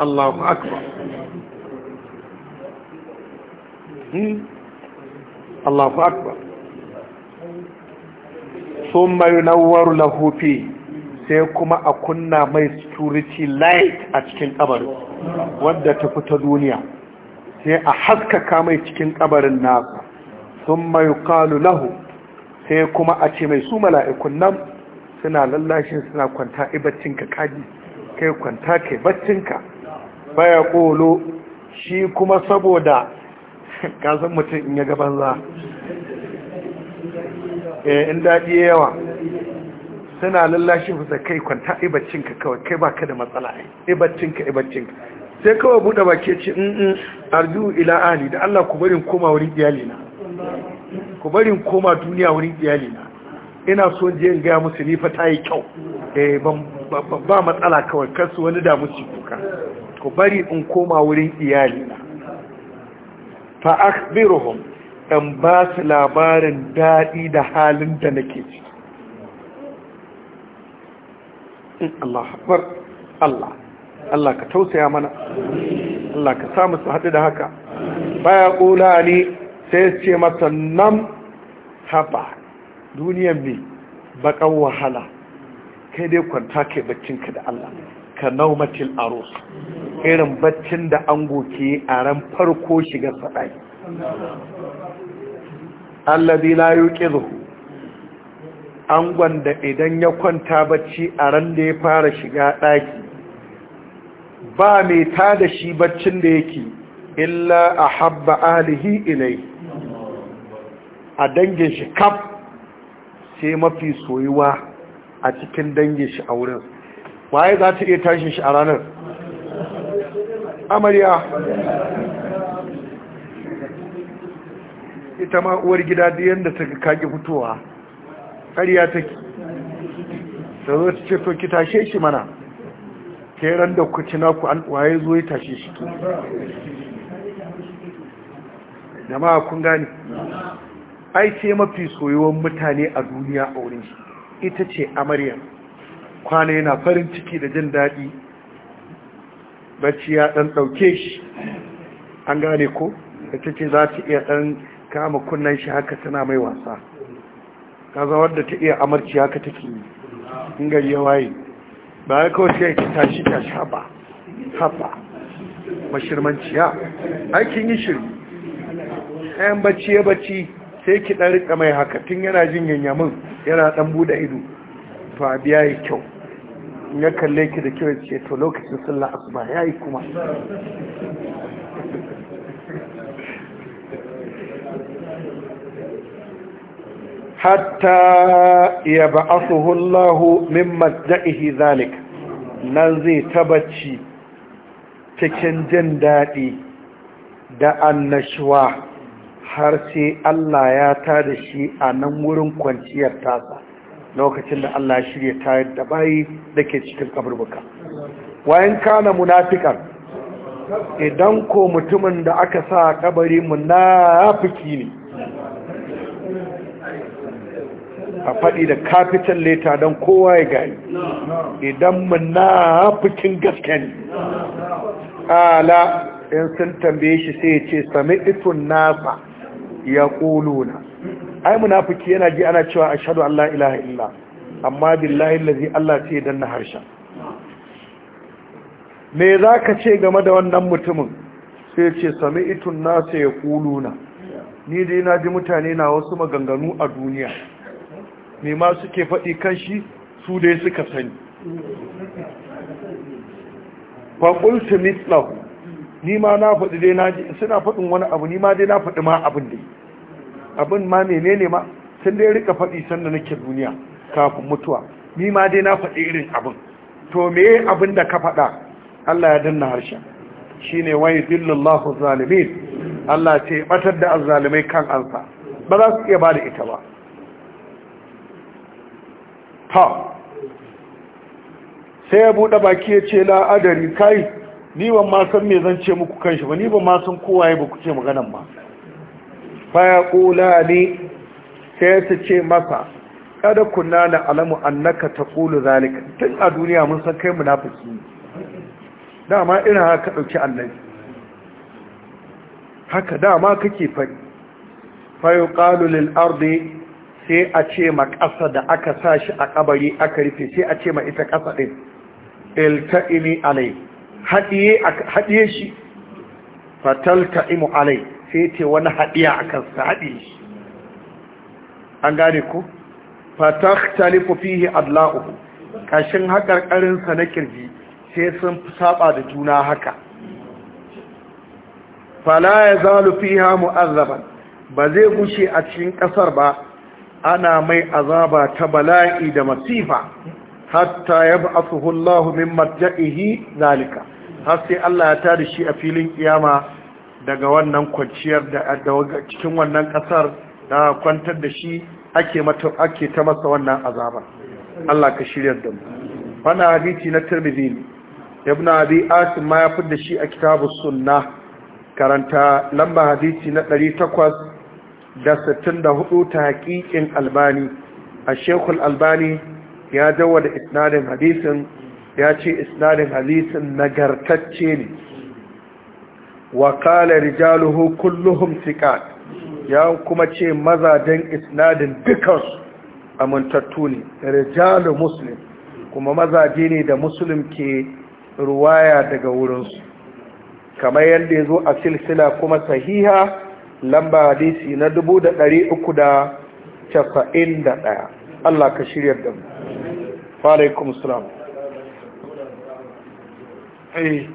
Allahu akbar hmm? Allahu akbar sun mai nawar lahufi sai kuma a kunna mai security light a cikin kabarin wadda ta fita duniya sai a haskaka mai cikin kabarin nasa sun mai kalu sai kuma a ce mai su mala'ikun nan suna lallashin suna kwanta ibaccinka kaji kai kwanta kai baccinka faya kolo shi kuma saboda [LAUGHS] kasan mutum in ya gaban za eh, in daɗi yawa suna lallashin fusa kai kwanta ibacinka kawai kai baka da matsala ibacinka ibacinka sai kawai buɗe baki ci in arzu ila ahli da Allah ku barin koma wurin iyalina ku barin koma duniya wurin iyalina ina so je in gaya musu ni fa ta yi kyau eh ba matsala kawai kasu wani damu ci kuka ku bari in koma wurin iyalina fa akhbiruhum an ba su labarin daɗi da halin da nake ci Allah haɓar Allah Allah ka tausaya mana Allah ka samu su haɗu da haka baya ƙula ne sai ce masa nan haɓa duniyan mai baƙan wahala kai dai kwanta kai baccinka da Allah ka naumatil arus irin baccin da an goke a ran farko shiga faɗai allazi la yuqizu angon da idan ya kwanta bacci a ran da ya fara shiga ɗaki ba mai tada shi baccin da yake illa ahabba alihi ilai a dangin shi kaf sai mafi soyuwa a cikin dangin shi a wurin waye za ta iya tashin shi a ranar amarya ita ma uwar gida da yadda ta kage fitowa ta ki ta zo ta ce to ki tashe shi mana keran da ku cina ku an waye zo ya tashe shi ki jama'a kun gane ai ce mafi soyuwan mutane a duniya a wurin shi ita ce amarya kwana yana farin ciki da jin daɗi bacci ya ɗan ɗauke shi an gane ko da ta ce za ta iya ɗan kama kunnen shi haka tana mai wasa ta zama wadda ta iya amarci haka take yi in gari ya waye ba ya kawai sai ta tashi tashi haɓa mashirmanciya aikin yi shiri ɗayan bacci ya bacci sai ki ɗan riƙa mai haka tun yana jin yanyamin yana ɗan buɗe ido to a biya yi kyau ya kalle ki da kiran ce to lokacin sallah asuba ya yi kuma hatta ya ba'asuhu Allah min mazda'ihi zalik nan zai tabbaci cikin jin daɗi da annashuwa har sai Allah ya tada shi a nan wurin kwanciyar tasa lokacin da Allah ya shirya tayar da bayi da ke cikin kaburbuka wayan kana munafikan idan ko mutumin da aka sa kabari munafiki ne a faɗi da kafitan leta don kowa ya gani idan munafikin gaske ne ala in sun tambaye shi sai yace ce sami itun nasa ya ƙuluna ai munafiki yana ji ana cewa ashhadu an la ilaha illa amma billahi allazi Allah ce dan na harshen me zaka ce game da wannan mutumin sai ce sami'tun nasu yaquluna ni dai na ji mutane na wasu maganganu a duniya me ma suke faɗi kan shi su dai suka sani qultu mithlahu ni ma na faɗi dai na ji suna faɗin wani abu ni ma dai na faɗi ma abin dai abin ma menene ma da dai rika faɗi sanda nake duniya kafin mutuwa ni ma dai na faɗi irin abin to me abin da ka faɗa Allah ya danna harshe shine wai zillallahu zalimin Allah ce batar da azzalimai kan ansa ba za su iya bada ita ba ha sai ya buɗe baki ya ce la'adari kai ni ban ma san me zan ce muku kanshi ba ni ban ma san kowa kowaye ba ku ce maganan ba fayaqula li sai su ce masa kada kunna na alamu annaka taqulu zalika tun a duniya mun san kai munafiki dama ina haka dauki annabi haka dama kake fari fayuqalu lil ardi sai a ce ma ƙasa da aka sa shi a kabari aka rufe sai a ce ma ita ƙasa ɗin ilta'imi alai haɗiye shi imu alai sai ce wani haɗiya a kan saɗi. an gane ku fatah talifu fihi adla'uhu kashin haƙarƙarinsa na kirji sai sun saba da juna haka fala ya zalu hamu mu'azzaban ba zai gushe a cikin ƙasar ba ana mai azaba ta bala'i da masifa hatta ya ba'athuhu Allah min marja'ihi zalika har sai Allah ya tada shi a filin ƙiyama daga wannan kwanciyar da cikin wannan kasar da kwantar da shi ake ta masa wannan azaba Allah ka shirya da mu wannan hadisi na Tirmidhi Ibn Abi Asim ma ya fi da shi a kitabu sunna karanta lamba hadisi na 864 ta haƙiƙin Albani a Sheikhul Albani ya dawo da isnadin hadisin ya ce isnadin hadisin nagartacce ne wa kala rijaluhu kulluhum thiqat ya kuma ce mazajen isnadin bikas amintattu ne rijalu muslim kuma mazaje ne da muslim ke ruwaya daga wurinsu kamar yadda yazo a silsila kuma sahiha lamba hadisi na ɗaya. Allah ka shirya da mu alaikum salam eh,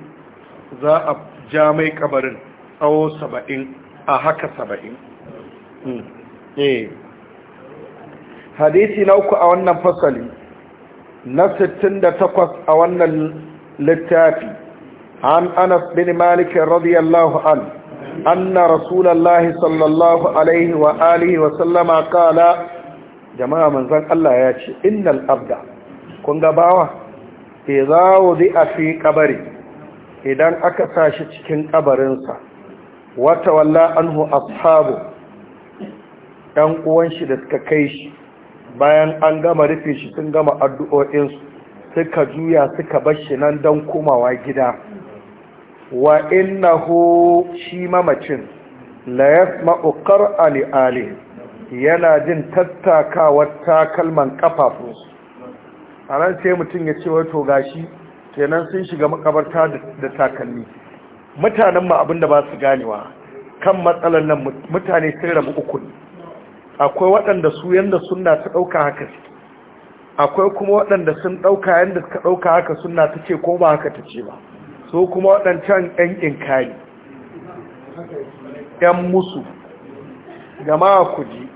za a ja mai kabarin tsawo saba'in a haka saba'in hmm. eh. hadisi na uku a wannan fasali na 68 a wannan littafi an anas bin malik radiyallahu an anna rasulallahi sallallahu alaihi wa alihi wa sallama kala jama'a manzan Allah ya ce innal abda kun gabawa za wudi a fi kabari idan aka sa shi cikin kabarinsa wata walla anhu ashabu ɗan uwan shi da suka kai shi bayan an gama rufe shi sun gama addu'o'insu suka juya suka bar shi nan don komawa gida wa innahu shi mamacin la yasma'u qar'a li ali yana jin tattakawar takalman kafafunsu a nan sai mutum ya ce wato gashi kenan sun shiga makabarta da takalmi mutanen ma abinda ba su ganewa kan matsalar nan mutane sun rabu uku akwai waɗanda su yanda suna ta ɗauka haka akwai kuma waɗanda sun ɗauka yanda suka ɗauka haka suna ta ce ko ba haka ta ce ba so kuma waɗancan ɗan inkari ɗan musu jama'a ku ji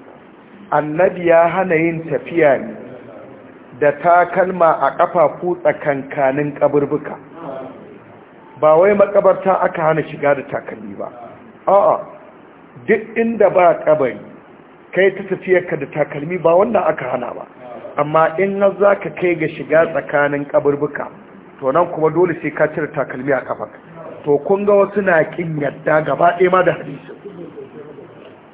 annabi ya hana yin tafiya ne da takalma a ƙafafu tsakankanin ƙaburbuka ba wai makabarta aka hana shiga da takalmi ba a'a duk inda ba kabari kai ta tafiyarka da takalmi ba wannan aka hana ba amma in na za ka kai ga shiga tsakanin ƙaburbuka to nan kuma dole sai ka cire takalmi a kafa to kun ga wasu na kin yadda gaba ɗaya ma da hadisi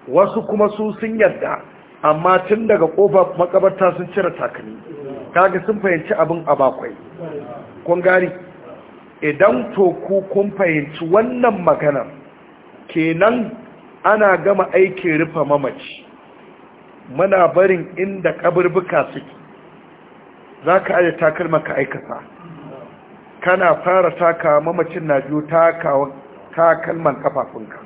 wasu kuma su sun yadda amma tun daga ƙofa makabarta sun cire takalmi kaga sun fahimci abin a bakwai kun gari idan toku kun fahimci wannan maganar kenan ana gama aikin rufe mamaci muna barin inda kaburbuka suke za ka aje takalma ka aikata kana fara taka mamacin na biyu takalman kafafunka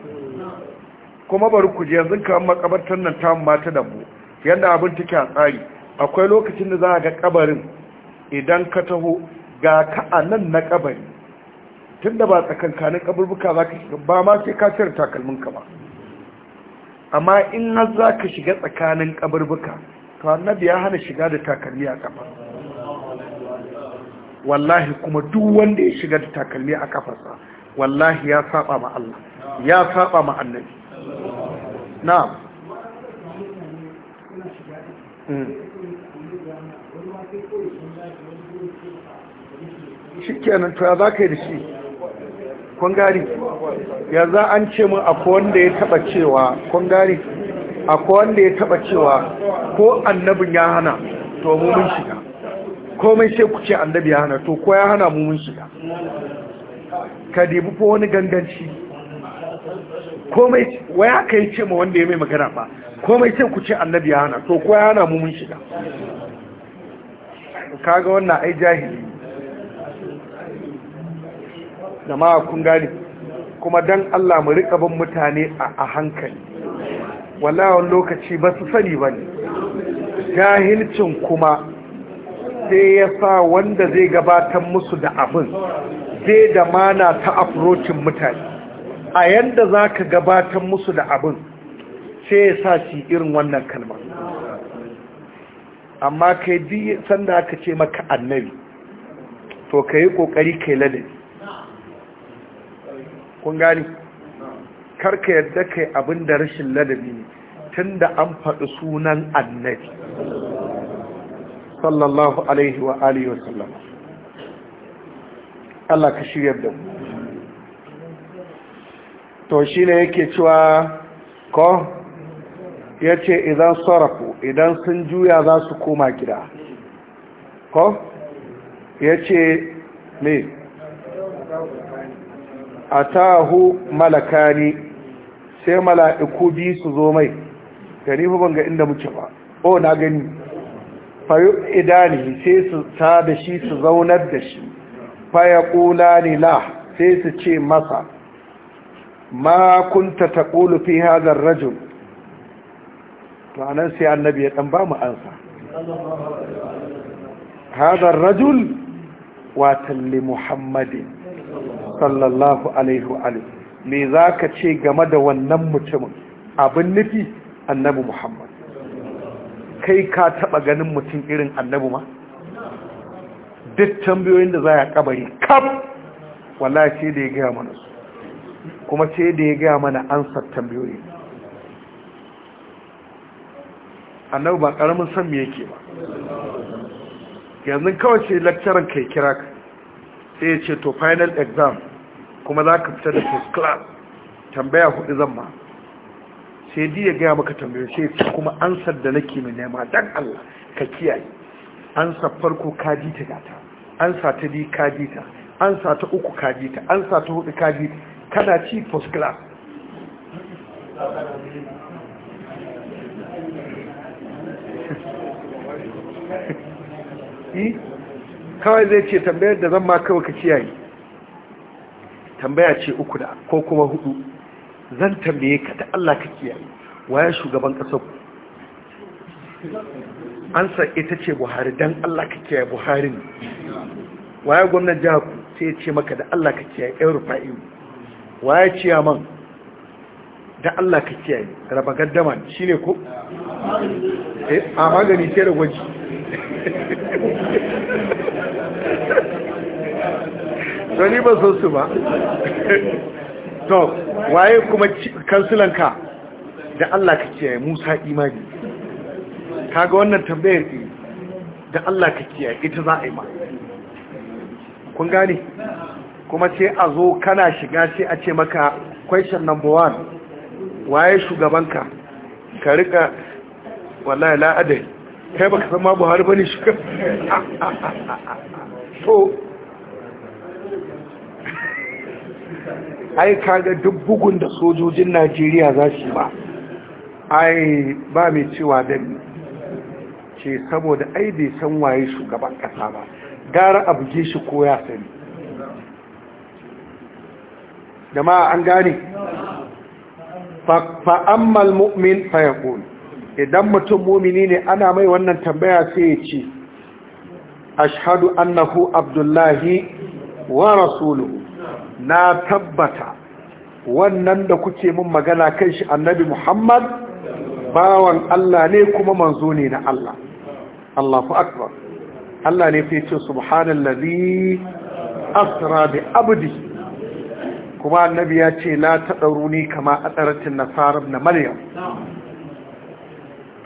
kuma bari ku je yanzu ka makabartar nan ta mata da mu yadda abin take a tsari akwai lokacin da za ga kabarin idan ka taho ga ka a nan na kabari tun da ba tsakankanin kaburbuka za ka shiga ba ma sai ka takalmin ka ba amma in har za ka shiga tsakanin kaburbuka to annabi ya hana shiga da takalmi a kafa wallahi kuma duk wanda ya shiga da takalmi a kafarsa wallahi ya saba ma Allah ya saba ma annabi na'am mm. shi kenan to ya za ka yi da shi kwangari ya za an ce mun a wanda ya taba cewa kwangari akwai wanda ya taba cewa ko annabin ya hana to mu mun shiga komai sai ku ce annabi ya hana to ko ya hana mu shiga ka dibi ko wani ganganci komai waya ka yi ce ma wanda ya mai magana ba komai sai ku ce annabi ya hana to ko ya hana mu mun shiga kaga wannan ai jahili jama'a kun gane kuma dan Allah mu rika bin mutane a hankali wallahi lokaci ba su sani ba ne jahilcin kuma sai ya sa wanda zai gabatar musu da abin zai da mana ta afrocin mutane a yanda za ka gabatar musu da abin sai ya sa shi irin wannan kalma amma kai biyu sanda aka ce maka annabi to ka yi ƙoƙari kai ladabi kun gani karka yadda kai abin da rashin ladabi ne tun da an faɗi sunan annabi sallallahu alaihi wa alihi wa sallam Allah ka shirya da mu to shi ne yake cewa ko ya ce idan sarafu idan sun juya za su koma gida ko ya ce ne atahu malakani sai mala'iku bi su zo mai gani fa banga inda muke ba oh na gani fayu idani sai su ta da shi su zaunar da shi faya ni la sai su ce masa ma kunta taqulu fi hadha to anan sai annabi ya dan ba mu ansa hadha rajul wa muhammadin sallallahu alaihi wa me za ka ce game da wannan mutumin abin nufi annabi muhammad kai ka taɓa ganin mutum irin annabi ma duk tambayoyin da za a kabari kaf wala ce da ya gaya mana su kuma ce da ya gaya mana ansar tambayoyi annabi ba ƙaramin san me yake ba yanzu kawai ce lakcarar kai kira ka. sai ya ce to final exam kuma za ka fita da first class tambaya hudu zan ma sai di ya gaya maka tambayar sai kuma ansar da nake mai nema don Allah ka kiyaye An sa farko ka ji ta gata sa ta biyu ka ji ta sa ta uku ka ji ta sa ta hudu ka ji ta kana ci first class [LAUGHS] eh? kawai zai ce tambayar da zan ma kawai ka kiyaye tambaya ce uku da ko kuma hudu zan tambaye ka ta Allah ka kiyaye waye shugaban kasar ku ansa ita ce Buhari dan Allah ka kiyaye Buhari ne waye gwamnatin jihar ku sai ya ce maka da Allah ka kiyaye ɗan rufa'i waye ciyaman da Allah ka kiyaye raba gaddama shine ko eh, a magani sai da gwaji [LAUGHS] tani ni ba san su ba to waye kuma kansulanka da Allah ka kiyaye Musa imani kaga wannan tambayar ɗi da Allah ka kiyaye ita za a yi ma kun gane kuma sai a zo kana shiga sai a ce maka question number one waye shugabanka ka rika wallahi la'adai, kai baka san ma buhari bane shugaban so [LAUGHS] ai kaga duk bugun da sojojin najeriya za shi ba ai ba mai cewa don ce saboda ai bai san waye shugaban kasa ba gara a buge shi ko ya sani ma an gane fa'ammal mu'min fayakun idan mutum mumini ne ana mai wannan tambaya sai ya ce ashadu annahu abdullahi wa rasuluhu na tabbata wannan da kuke mun magana kan shi annabi Muhammad bawan Allah ne kuma manzo ne na Allah Allah Allahu akbar Allah ne fa ce subhanallazi asra bi abdi kuma annabi ya ce la tadaruni kama adaratin nasara na maryam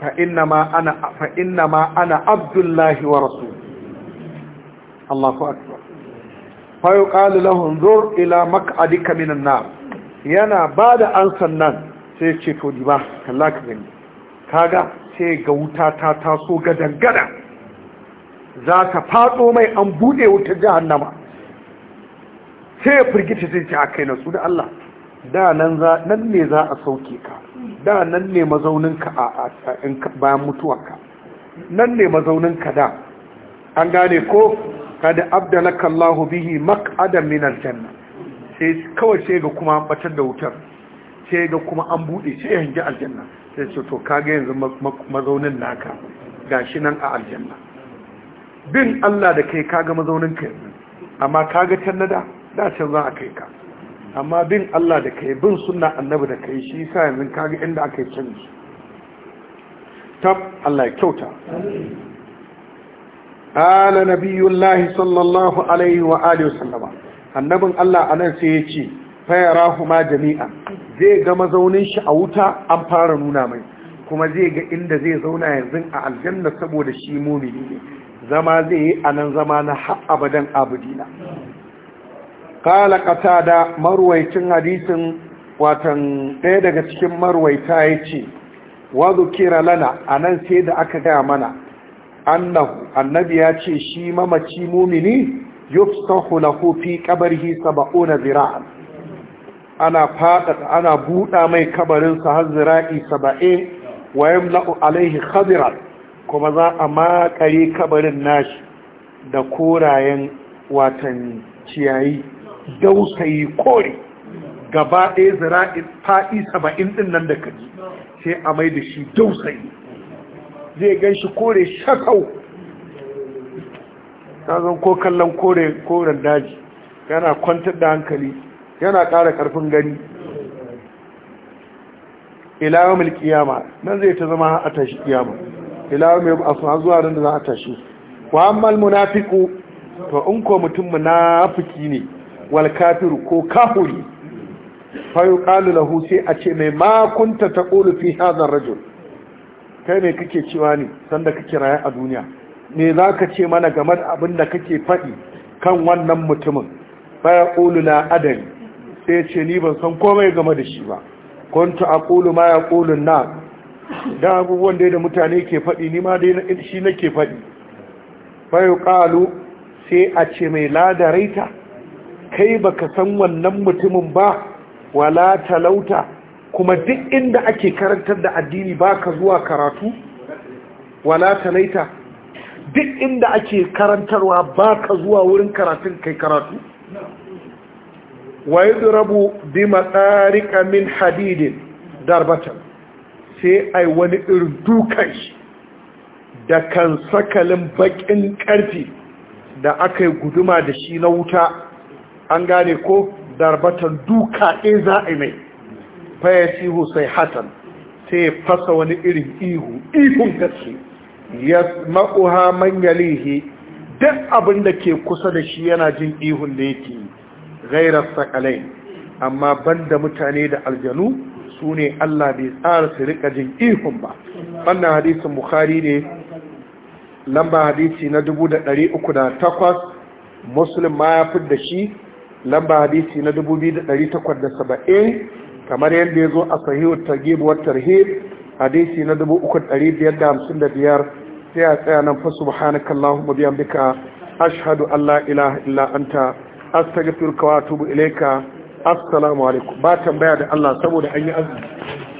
fa innama ana fa innama ana abdullahi wa rasul Allahu akbar fayo ƙali lahun zur ila maka'adika minan na yana ba da ansan nan sai ce to ba, kalla ka gani kaga sai ga wuta ta taso gadan gada za ka faɗo mai an buɗe wuta jahannama sai ya firgita zai ce a kai na su da Allah da nan ne za a sauke ka da nan ne mazauninka a bayan mutuwanka nan ne mazauninka da an gane ko kada abdalaka Allahu bihi maq'adan min aljanna sai kawai sai ga kuma an batar da wutar sai ga kuma an bude sai ya hinga aljanna sai ce to kaga yanzu mazaunin naka gashi nan a aljanna bin Allah da kai kaga mazaunin ka yanzu amma kaga tannada da can za a kai ka amma bin Allah da kai bin sunna annabi da kai shi yasa yanzu kaga inda aka yi canji tab Allah ya kyauta قال نبي الله صلى الله عليه واله وسلم annabin Allah a nan sai ya ce fayara jami'a zai ga mazaunin shi a wuta an fara nuna mai kuma zai ga inda zai zauna yanzu a aljanna saboda shi mumini ne zama zai yi a zama na har abadan abudina kala kata da marwaicin hadisin watan ɗaya daga cikin marwaita ya ce wazo lana a nan sai da aka gaya mana annabi ya ce shi mamaci mumini yufsahu lahu fi qabrihi 70 zira'an ana fada ana buda mai kabarin sa har zira'i 70 wa yamla'u alaihi khadiran kuma za a makare kabarin nashi da korayen watan ciyayi dausayi kore gaba ɗaya zira'in fa'i 70 din nan da kaji sai a mai da shi dausayi zai gan shi kore shakau zan ko kallon koren daji yana kwantar da hankali yana ƙara ƙarfin gani ilawamil kiyama nan zai ta zama a tashi kiyama ilawamil asuna zuwa da za a tashi wa ammal munafiku to in ko mutum munafiki ne wal kafiru ko kafuri fa kalu lahu sai a ce mai makunta ta taqulu fi hadha rajul kai ne kake cewa ne sanda kake raya a duniya me za ka ce mana game da abin da kake faɗi kan wannan mutumin baya ƙulu na adari sai ce ni ban san komai game da shi ba kwanta a ƙulu ma ya ƙulu na da abubuwan dai da mutane ke faɗi ni ma dai shi na ke faɗi baya ƙalu sai a ce mai ladaraita kai baka san wannan mutumin ba wala talauta kuma duk inda ake karantar da addini baka zuwa karatu wala talaita duk inda ake karantarwa baka zuwa wurin karatun kai karatu wa yudrabu bi matsarika min hadidin darbatan sai ai wani irin dukan shi da kan sakalin bakin karfi da aka yi guduma da shi na wuta an gane ko darbatan duka ɗaya za a yi mai fayasihu sai hatan sai ya fasa wani irin ihu ihun gaske ya ma'uha manyalihi duk abin da ke kusa da shi yana jin ihun da yake gairar sakalai amma banda mutane da aljanu su ne Allah bai tsara su rika jin ihun ba wannan hadisin bukhari ne lamba hadisi na 308 muslim ma ya fi da shi lamba hadisi na 2870 kamar yadda ya zo a sahihu targhib wa tarhib hadisi na 3555 sai a tsaya nan fa subhanaka allahumma biyan bika an la ilaha illa anta astaghfiruka wa atubu ilayka assalamu alaikum ba tambaya da Allah saboda an yi azumi